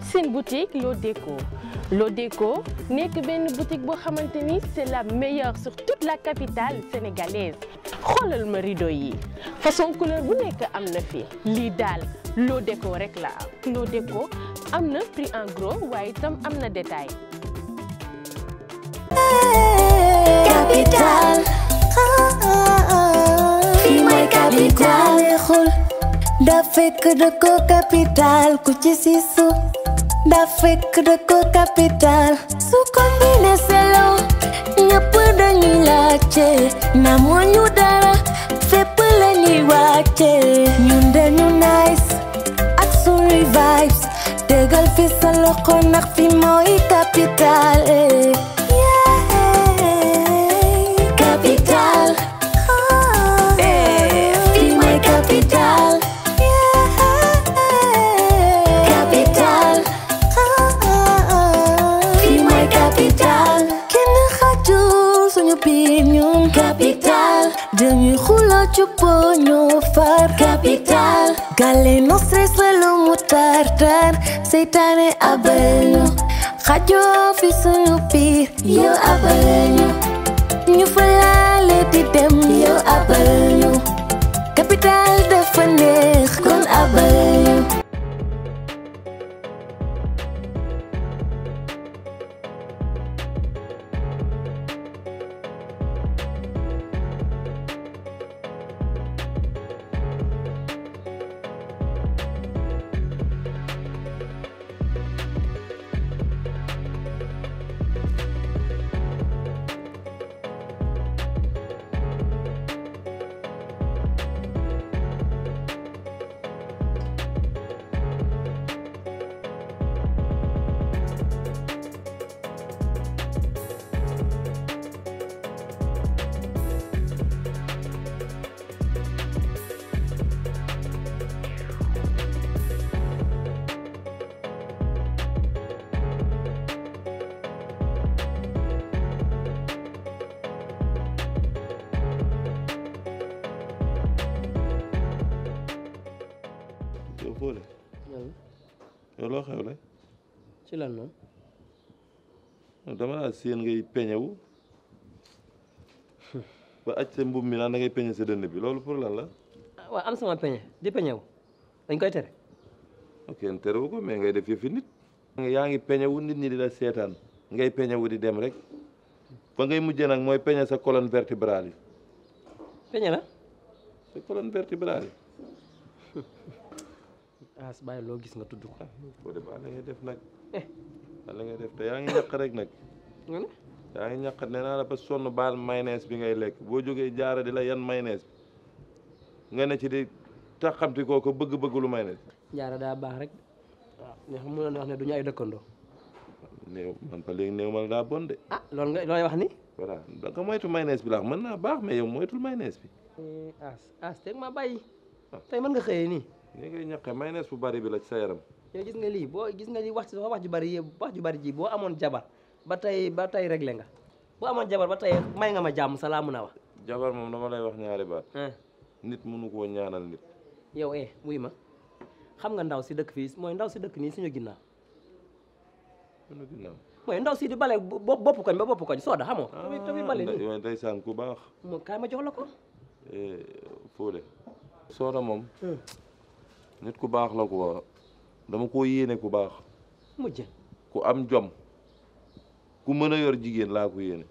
c'est une boutique Lodeco Lodeco que une boutique une c'est la meilleure sur toute la capitale sénégalaise xoolal ma rideau yi façon couleur bu am fi L'idal Lodeco rek la Lodeco am prix en gros il y am détail. capital capital Dar cred cu capital Su combine se lau Nya pădă ni ce Na mo nu dara Fe până ni wace Nu de nu nice Axu revives te golfi să loco Nac fi moi capital eh. Dalee nostre solo mu tartar seytaane abal ñu xajoo fi sunu biir yow abal ñu ci lan moom dama laa seen ngay peñewu ba aj sa mbub mi naan ngay peñe sa dënn bi loolu pour lan la waaw am sama peñe di peñewu dañ koy tere ok terewu ko mais ngay def yëfi nit yaa ngi peñewu nit ñi di la seetaan ngay peñewu di dem rek fa ngay mujjee nag mooy peñe sa colonne vertébrale yi peñe la sa colonne vertébrale yi as bàyyi loo gis nga tudd ko ah, boo ya, def ngay wala eh. nga def te yaa ngi ñàkk rek nag nga ne yaa ngi ñàkk nee naa la fa sonn baal mayonnaise bi ngay lekk boo jógee jaara di la yan mayonnaise bi nga ne ci di taxamti koo ko bëgg-bëgg lu mayonnaise jaara daa baax rek waaw xam na wax ne du ay dëkkandoo néew man fa léegi néew ma la bon de ah loolu nga looy wax ni voilà donc moytu mayonnaise bi laax mën naa baax mais yow moytul mayonnaise bi eh, as as teg ma bàyyi ah. tey mën nga xëyee nii ni ngay ñàkkee mayonnaise bu bari bi la ci sa yaram yow gis nga li bo gis nga li wax ci wax ju bari wax ju bari ji bo amone jabar ba tay ba tay réglé nga bo amone jabar ba tay may nga ma jàmm salamu na wax jabar mom dama lay wax ñaari baat nit munu ko ñaanal nit yow eh muy ma xam nga ndaw ci dekk fi moy ndaw ci dekk ni suñu ginnaw suñu ginnaw moy ndaw ci di balé bop koñ ba bop koñ sooda xamoo ah, tamit yow tay san ku bax mo kay ma jox la ko eh, Fodé sooda mom nit ku bax la ko dama ko yéene ku baax. mu jël ku am jom ku mën a yor jigéen laa ko yéene.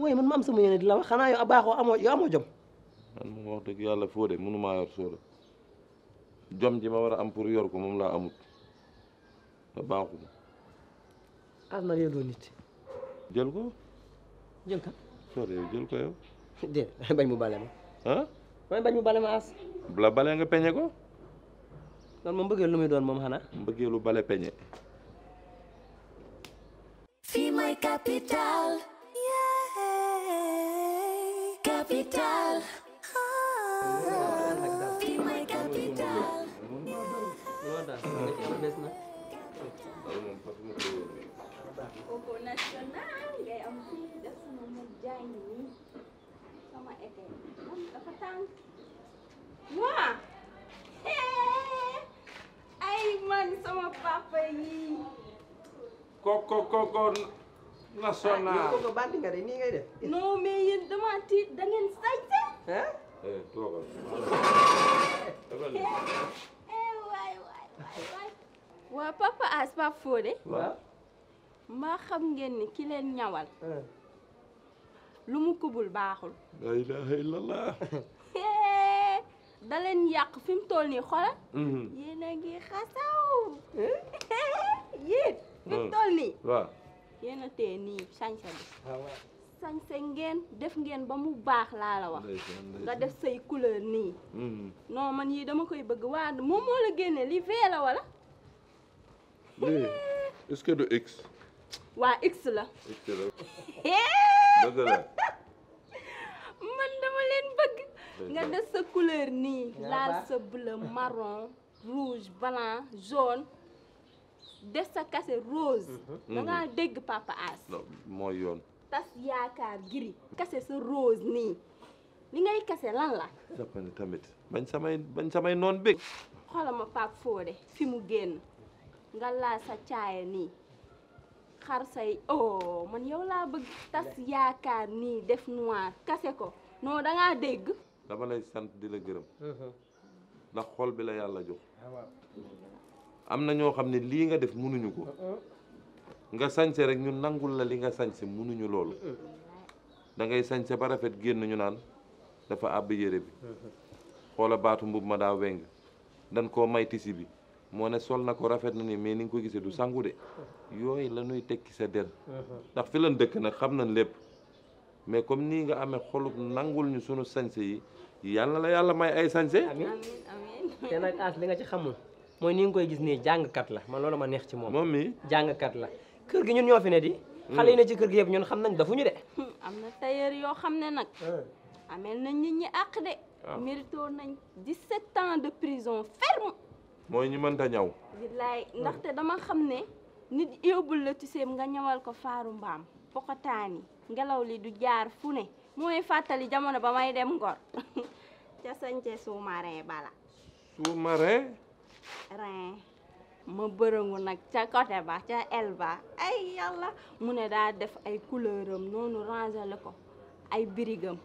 mooy man ma am sama yéene di la wax xanaa yow baaxoo amoo yow amoo jom. man moom wax dëgg yàlla foo de mënumaa yor sooda jom ji ma war a am pour yor ko moom laa amut ma baaxu ma. am na yow doo nit. jël ko. jël ka sooda yow jël ko yow. déedéet bañ mu bale ma. ah. mooy bañ mu bale ma as. la bale nga peñe ko. loolu mom mbëggeel lu muy doon mom xana mbëggeelu lu balé peñé fi capital. capital. yeah capital. Koko ah. national ay man sama papa yi koko koko national yow ah, koko bandi nga de nii ngay def non mais yéen dama tiit da ngeen sañse hein eh toogal eh, eh waay waay waay waa papa as pap Fodé mbaa xam ngeen ni ki leen ñawal eh. lu mu kubul baaxul la ilaha illallah eh, dalen yak fim fi mu toll nii xoolal. Mhm. yéen a ngi xasaw. Eh? yéen. fi mu hmm. toll ni waaw yéen a téye nii sañse bi. Ah, sañse ngeen def ngeen ba mu bax la la wax. nga def sey couleur ni mhm. non man yi dama koy bëgg wa mo mo la génne li vee la wala. est-ce que do X. wa X la. X la. Eh! la. nga de sa couleur ni? bleu marron rouge blanc jaune de mhm. mhm. sa rose nga deg papa as mo yone tas giri rose ni. li ngay kase lan la la bañ samay bañ samay non la fo de fi mu nga la sa ni. xar oh man yow bëgg tas def noir ko non da dama lay sant di la gërëm mhm. ndax xol bi la yàlla jox ah, am na ñoo xam ne lii nga def munuñu ko mhm. nga sañse rek ñu nangul la li nga sañse munuñu loolu mhm. dangay ngay sañse ba rafet génn ñu naan dafa àbb yére bi xoola baatu mbub ma daa weng dan koo may tisi bi moo ne sol na ko rafet na ni mais ni nga ko gisee du sangu de yooyu la ñuy tekki sa der ndax fi lan dëkk nag xam na lépp mais comme nii nga amee xolub nangul ñu suñu sañse yi yàlla la yàlla may ay sañse amiin amiin te nag as li nga ci xamul mooy ni nga koy gis nii jàngkat la ma loolu ma neex ci moom moom jàng kat la kër gi ñun ñoo fi ne di hmm. xale yi ne ci kër gi yëpp ñun xam nañ ñu de am na tailleur yoo xam ne nag hmm. amel nañ nit ñi àq de ah. mérito nañ 17 ans de prison ferme mooy ñi mënta ñaw billaay hmm. ndaxte dama xam ne nit yóbbul la tuseem nga ñawal ko faaru ngelaw li du jaar fune moy e fatali jamono ba may dem Ngor ca sou mare bala sou mare? re ma bërëngu nak ca côté ba ca el ba ay yalla mune da def ay couleuram noonu rangele ko ay birigam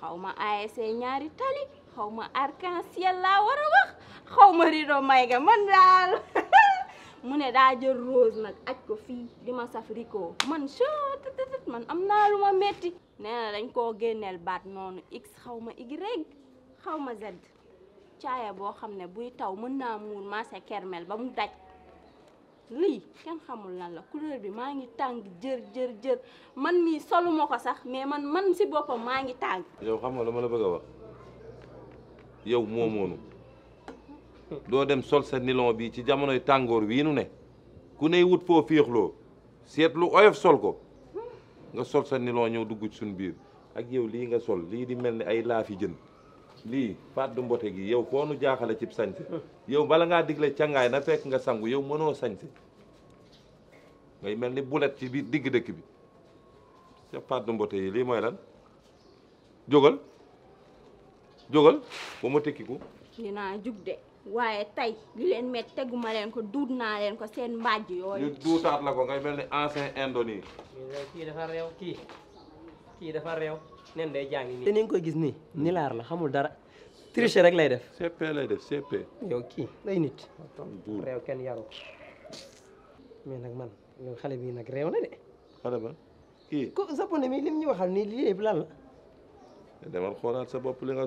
xawma ma se ñaari tali xawma ma arc-en-ciel la wara wax xawma rido may ga man dal mu ne daa jël rose nag aj ko fii di ma saf man chtt man am naa lu ma metti nee dañ koo génneel baat noonu x xaw ma y xaw ma z caaya boo xam ne buy taw mën naa muur maase kermeel ba mu daj lii kenn xamul lan la couleur bi maa ngi tàng jër jër jër man mii soluma ko sax mais man man si boppam maa ngi tàng yow xam nga la ma la bëgg a wax yow moomoonu doo dem sol sa nilon bi ci jamonoy tàngoor wii nu ne ku ney wut foo féexloo seet lu oyof sol ko nga sol sa nilon ñëw dugg ci suñ biir ak yow lii nga sol lii di mel ni ay laafi jën lii faat du mbote gi yow foo nu jaaxale cib sañse yow bala ngaa digle cangaay na fekk nga sangu yow mënoo sañse ngay mel ni bulet ci digg dëkk bi sa faat du mbote yi lii mooy lan jógal jógal ba ma tekkiku dinaa jug de waaye tey li leen met teguma leen ko duut naa leen ko seen mbàjj yooyu. ñu duutaat la ko ngay mel ni ancien indonais. kii dafa réew kii kii dafa réew nen day jàng nii. te ni gis nii nilaar la xamul dara triche rek lay def. CP lay def CP. yow kii lay nit. réew kenn yaru mais nag man yow xale nag réew na de. xale ba kii. mi lim ñu waxal nii lii yëpp lan la. demal xoolaat sa bopp li nga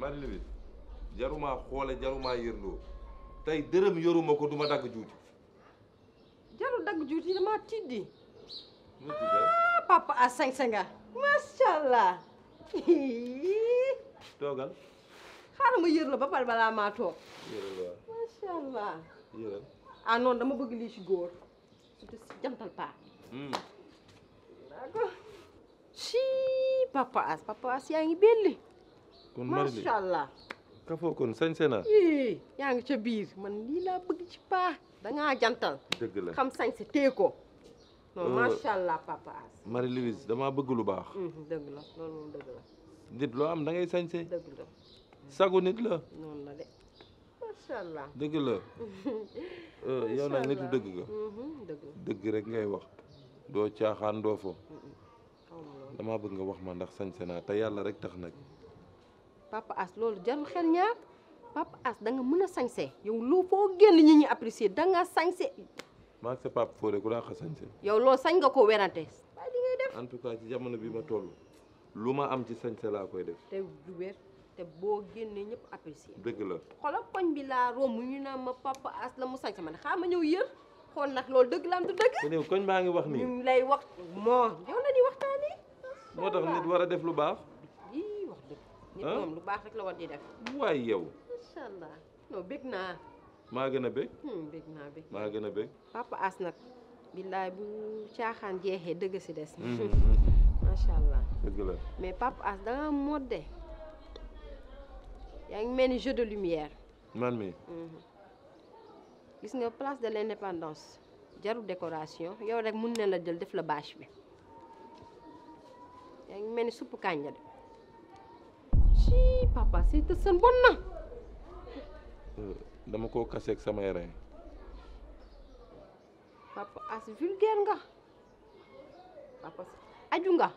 Marie Louise jaruma xoole jaruma yërloo tey dërëm yoruma ko duma dagg juuti jaru dagg juuti dama tiddi eh? ah papa a sañ-saña Allah toogal xaaral ba pare balaa maa Allah ah non dama bëgg lii ci góor surtout si hmm. papa as papa as yaa belli kon Marly macha allah. kafoo kon sañse naa. yii yaa ngi ca biir man lii laa bëgg ci paa da ngaa jantal. dëgg la xam sañse tee ko. non oh. macha allah papa As. Marie Louise damaa bëgg lu baax. dëgg mhm, la loolu moom dëgg la. nit loo am da ngay sañse. dëgg la sagu nit la. noonu la de macha allah. dëgg la. yow nag nitu dëgg nga. dëgg dëgg rek ngay wax doo caaxaan doo fo. damaa bëgg nga wax ma ndax sañse naa te yàlla rek tax nag. papa as loolu jarul xel ñaar papa as da nga mën a sañse yow lu foo génn ñi ñu apprécier da nga sañse. ma ngi sa papa Fodé ku laa xa sañse. yow loolu sañ nga ko werante. waaye li ngay def en tout cas ci jamono bi ma toll lu ma am ci sañse laa koy def. te du wér te boo génnee ñëpp apprécier. dëgg la xoolal koñ bi laa romb ñu naan ma papa as la mu sañse man ne xaaral ma ñëw yër xool nag loolu dëgg la am du dëgg. koñ baa ngi wax nii. ñu lay wax moo yow la ñuy moo tax war a def lu baax. nit moom um, lu baax rek la war di def. yow. allah non bég naa. maa gën a bég. Hmm, bég naa bég. maa gën a papa as nag. billaay bu caaxaan jeexee mhm, mhm. allah. dëgg la mais papa as da nga modde. ngi mel jeu de lumière. man mi mhm. gis nga place de l' décoration yow rek na la jël def la bâche bi ngi de ci papa Seytassene bon na. dama koo kaseeg sama rein. Hmm. papa as vulgaire nga papa aju nga.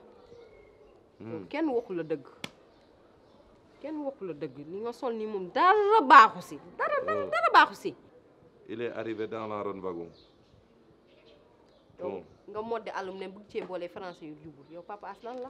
ken waxu la dëgg kenn waxu la dëgg li nga sol ni dara baaxu dara dara dara baaxu il est arrivé dans la ron wagon. donc nga modde alum ne bëgg cee français yu jubul yow papa as lan la.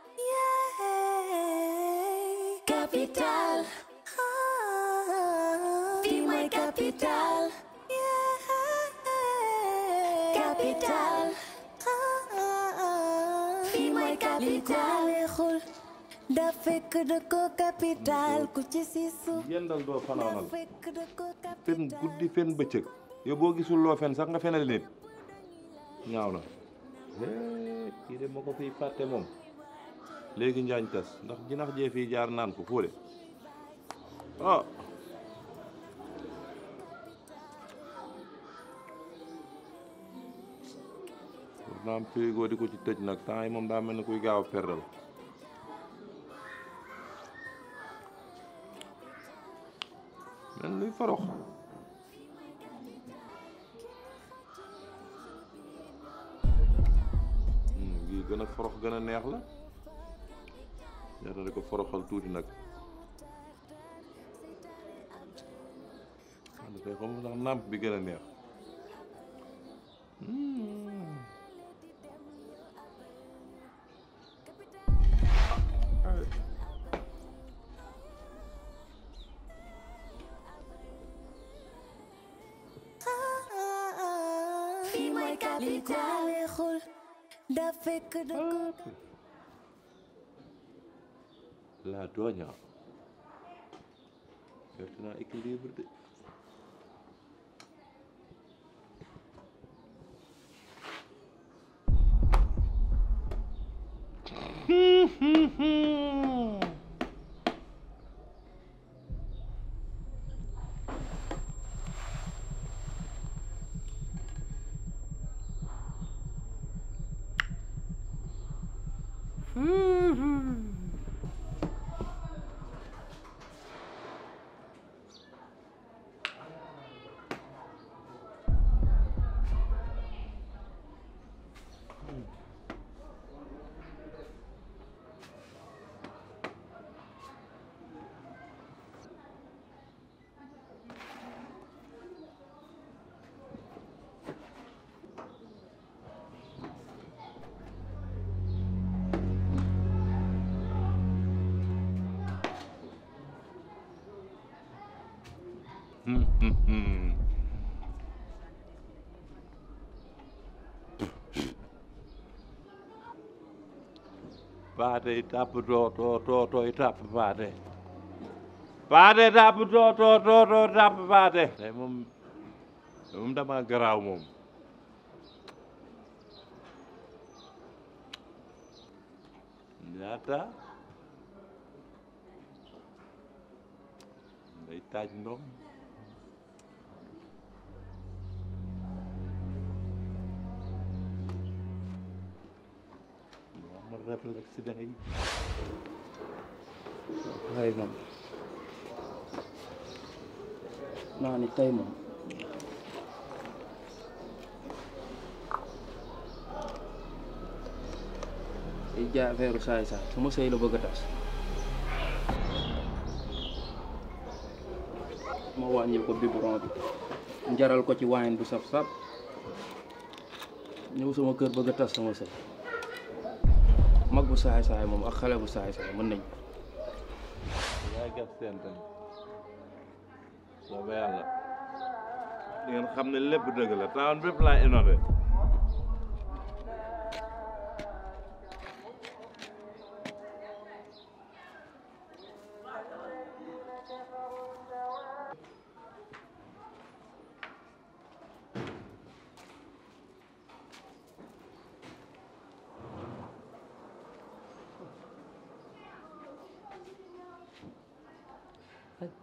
Capital. Ah, be my capital. Capital. Ah, be my capital. da fekk da ko capital ku ci siisu. yendal doo fanaanal. fen guddi fen bëccëg. yow boo gisul loo fen sax nga fenal nit. ñaaw na. kii de moo ko fiy fàtte léegi njaañ tas ndax jinax jee fii jaar naan ko fóole ah naa am frigo di ko ci tëj nag temps moom daa mel ni kuy gaaw a perdal mel luy farox hmm, gii gën a farox gën a neex la nee na di ko foroxal tuuti nag man dafay xam ndax nàmp bi gën a neex fekk lah dueña. Ya, es una equilibrio paate e tappotoo to to to paate paate tappotoo to to to tappa paate tey eh, moom moom dama garaaw moom ñaata day taaj ndoom rappel accident yi waaye moom naa ni tey moom ay jaay affaire saay saay su ma sëy la bëgg a bi ko ci bu saf-saf ñëw sama kër bëgg sama mag bu saay saay moom ak xale bu saay saay mën nañ ko. yaa ngi gàtt seen tam soobee yàlla. di ngeen xam ne lépp dëgg la taawon bépp laa innové.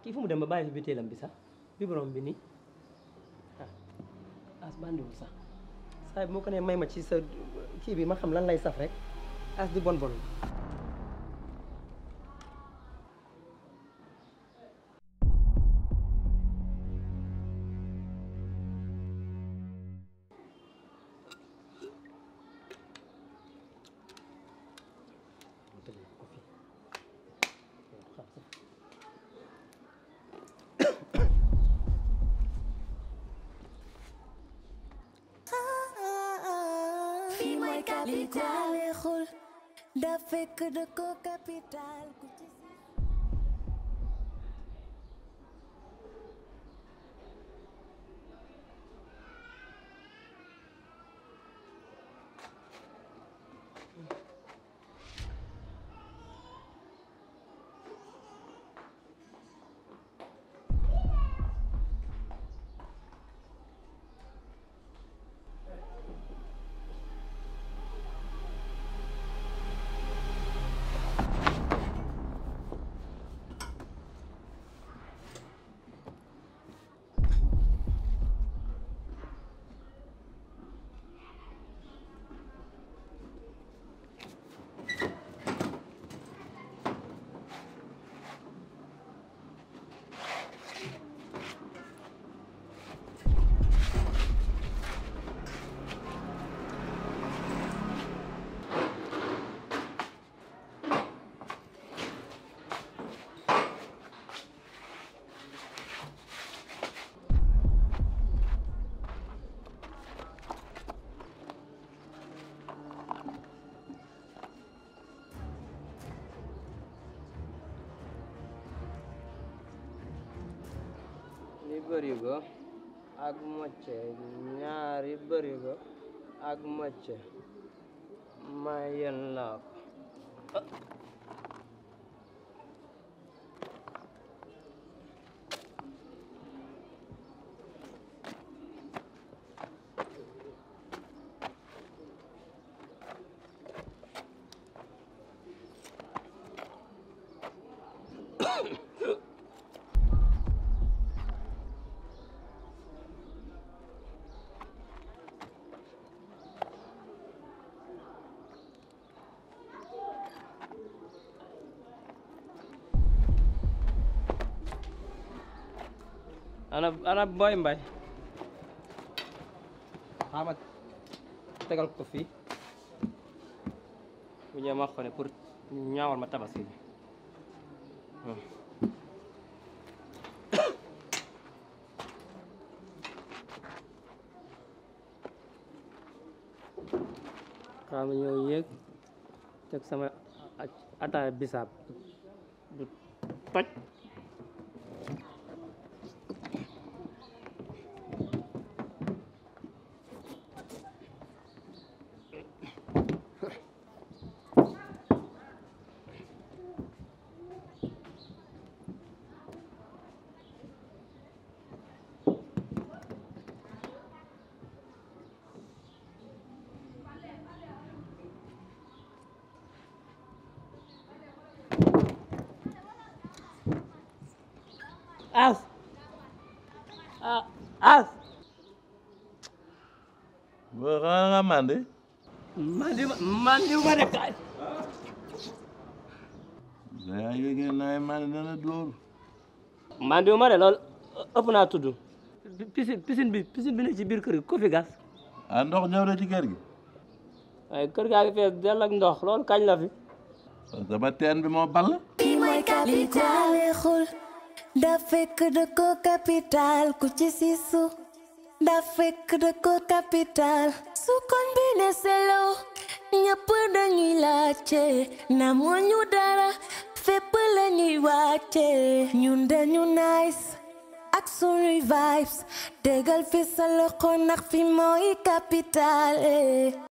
kii fu mu dem ba bàyyi fi bitéelam bi sax bi borom bi nii ah as bandiwul sax saa yi moo ko ne may ma ci sa kii bi ma xam lan lay saf rek as di bon bon fii mooy capital xul da fekk dëkk capital bërigo ak mocce ñaari bërigo ak mocce ma yen la anak ana boy mbay xama tegal ko fi bu ñama xone ya, pour ñaawal ma tabaski xam hmm. ñoo yéeg sama ada bisa du toj as as Berapa mandi? Mandi, mandi mana kai? Nah, Saya juga iya, naik iya, mandi nana dulu. Mandi mana lol? Apa nak tuduh? Pisin, pisin bi, pisin bi nanti bir kiri. Kopi gas. Andok nyawa di eh, kiri. Ay kiri kaki fe dalang dok lol kain lafi. Sabatian bi mau bal? Di my capital, Da de dëkko capital ku ci siisu da de dëkko capital su koñ bi ne selo ñëpp la laajte na moo ñu dara fépp la ñuy wàcce ñun nu nice ak revives, vibes gal fi sa loxo ndax fi mooy capital